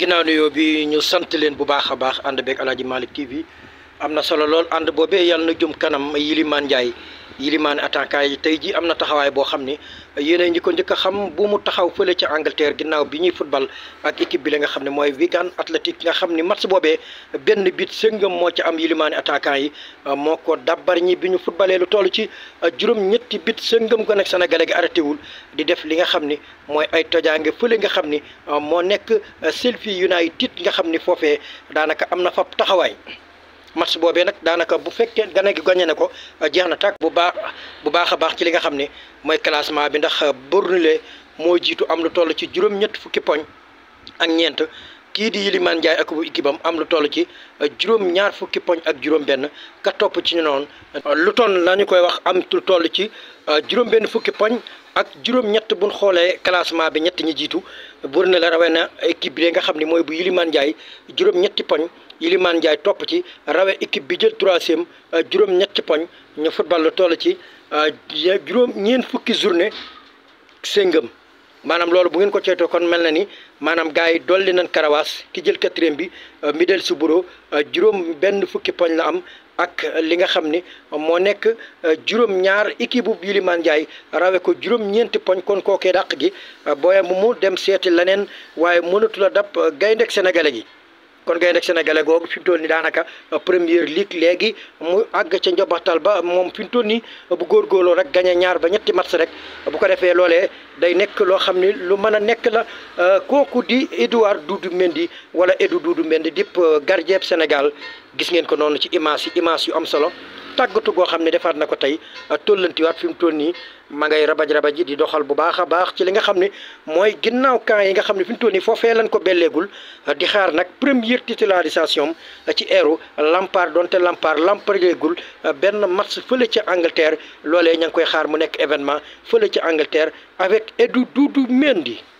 ginnaaw nuyoo bi ñu sant leen bu baax a baax ànd beeg Aladji Malick bi am na solo lool ànd boobee yan na jëm kanam Yiliman Ndiaye yilimaane attaquant yi tey ji am na taxawaay boo xam ni yenee njikko ko njëkk a xam bu mu taxaw fële ci Angleterre ginnaaw bi ñuy football ak équipe bi la nga xam ne mooy Wigan Athletic nga xam ni match boobee benn bit sëngam moo ca am yilimaane attaquant yi moo ko dabbar ñi bi ñu footballee lu tollu ci juróom-ñetti bit sëngam ko nekk sénégalais gi arrêté wul di def li nga xam ni mooy ay tojaange fële nga xam ni moo nekk Sheffield United nga xam ni foofee daanaka am na fa taxawaay match boobee nag daanaka bu fekkee gana gi gagné ne ko euh, jeex na tàkk bu baax bu baax a baax ci li nga xam ne mooy classement bi ndax euh, Burnley moo jiitu am lu toll ci juróom-ñett fukki poñ ak ñeent kii di Iliman Ndiaye ak bu équipe am am lu toll ci euh, juróom ñaar fukki poñ ak juróom benn ka topp ci ñu noonu euh, lu toll la ñu koy wax am lu toll ci euh, juróom benn fukki poñ ak juróom-ñett xoolee classement bi ñett ñi jiitu bur na la rawee na équipe bi nga xam ne mooy bu Iliman Ndiaye ñetti poñ Iliman topp ci rawee équipe bi jël troisième juróom poñ ñu football lu toll ci juróom ñeen fukki journée séngam maanaam loolu bu ngeen ko ceetoo kon mel na ni maanaam gars yi dolli nañ karawaas ki jël quatrième bi euh, mi del si buro euh, juróom benn fukki poñ la am ak li nga xam ni moo nekk euh, juróom ñaar équipe bu Iliman Ndiaye rawe ko juróom ñeenti poñ kon kookee dàq gi booye mu mu dem seeti leneen waaye mënatu la dab gayndeg sénégalais gi kon gaynde sénégale googu fi mu toll nii daanaka premier ligue léegi mu àgg ca njobaxtal ba moom fi mu toll nii bu góorgóorloo rek gagné ñaar ba ñetti match rek bu ko defee loole day nekk loo xam ni lu mën a nekk la euh, kooku di Edouard Doudou Mendy wala Edou Doudou Mendy dipp gardien Sénégal gis ngeen ko noonu ci image yi image yu am solo tàggatu goo xam ne defaat na ko tey uh, tollantiwaat fi mu toll nii ma ngay rabaj rabaj yi di doxal bu baax a baax ci li nga xam ne mooy ginnaaw camp yi nga xam ne fi mu toll nii foofee lan ko belleegul uh, di xaar nag première titularisation uh, ci eeru lampaar donte Lampard Lampareegul benn match fële ci Angleterre loole ña ngi koy xaar mu nekk événement fële ci Angleterre avec Edu Doudou Mendy